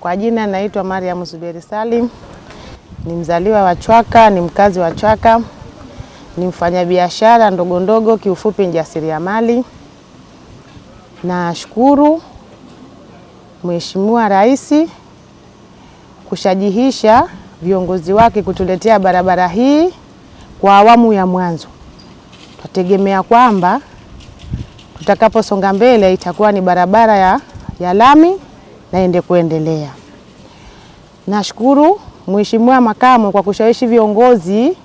Kwa jina naitwa Mariam Zuberi Salim, ni mzaliwa wa Chwaka, ni mkazi wa Chwaka, ni mfanyabiashara ndogo ndogo, kiufupi mjasiriamali. Nashukuru Mheshimiwa Rais kushajihisha viongozi wake kutuletea barabara hii kwa awamu ya mwanzo. Tutegemea kwamba tutakaposonga mbele itakuwa ni barabara ya, ya lami naende kuendelea. Nashukuru Mheshimiwa Makamu kwa kushawishi viongozi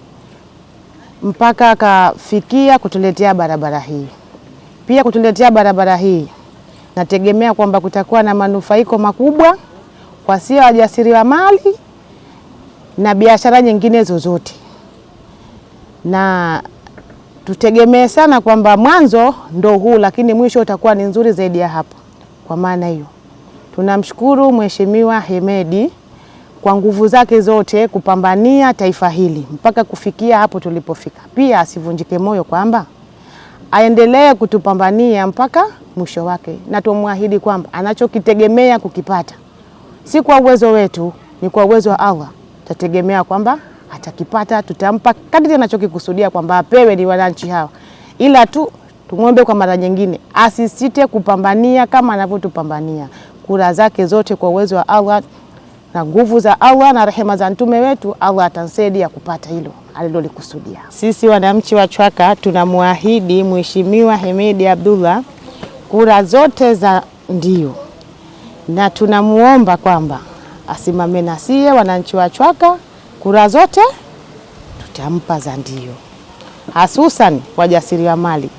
mpaka akafikia kutuletea barabara hii. Pia kutuletea barabara hii, nategemea kwamba kutakuwa na manufaiko makubwa kwa sio wajasiriamali na biashara nyingine zozote, na tutegemee sana kwamba mwanzo ndo huu, lakini mwisho utakuwa ni nzuri zaidi ya hapo. Kwa maana hiyo Tunamshukuru Mheshimiwa Hemedi kwa nguvu zake zote kupambania taifa hili mpaka kufikia hapo tulipofika. Pia asivunjike moyo kwamba aendelee kutupambania mpaka mwisho wake, na tumwahidi kwamba anachokitegemea kukipata si kwa uwezo wetu, ni kwa uwezo wa Allah. Tategemea kwamba atakipata, tutampa kadri anachokikusudia kwamba apewe ni wananchi hawa, ila tu tumwombe kwa mara nyingine asisite kupambania kama anavyotupambania kura zake zote kwa uwezo wa Allah na nguvu za Allah na rehema za mtume wetu, Allah atamsaidia kupata hilo alilolikusudia. Sisi wananchi wa Chwaka tunamwahidi Mheshimiwa Hemedi Abdullah kura zote za ndio, na tunamuomba kwamba asimame na sie wananchi wa Chwaka, kura zote tutampa za ndio, hasusan wajasiriamali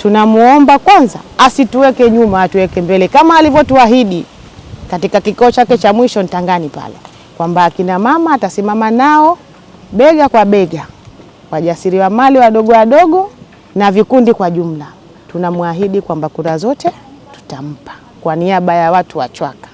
Tunamuomba kwanza asituweke nyuma, atuweke mbele kama alivyotuahidi katika kikao chake cha mwisho Ntangani pale kwamba akina mama atasimama nao bega kwa bega, wajasiriamali wadogo wadogo na vikundi kwa jumla. Tunamwahidi kwamba kura zote tutampa kwa niaba ya watu wa Chwaka.